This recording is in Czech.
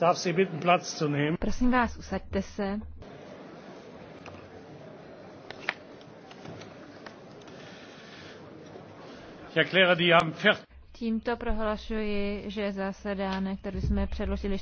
Darf Sie bitten, Platz zu nehmen? Prosím vás, usaďte se. Tímto prohlašuji, že zasedání, který jsme předložili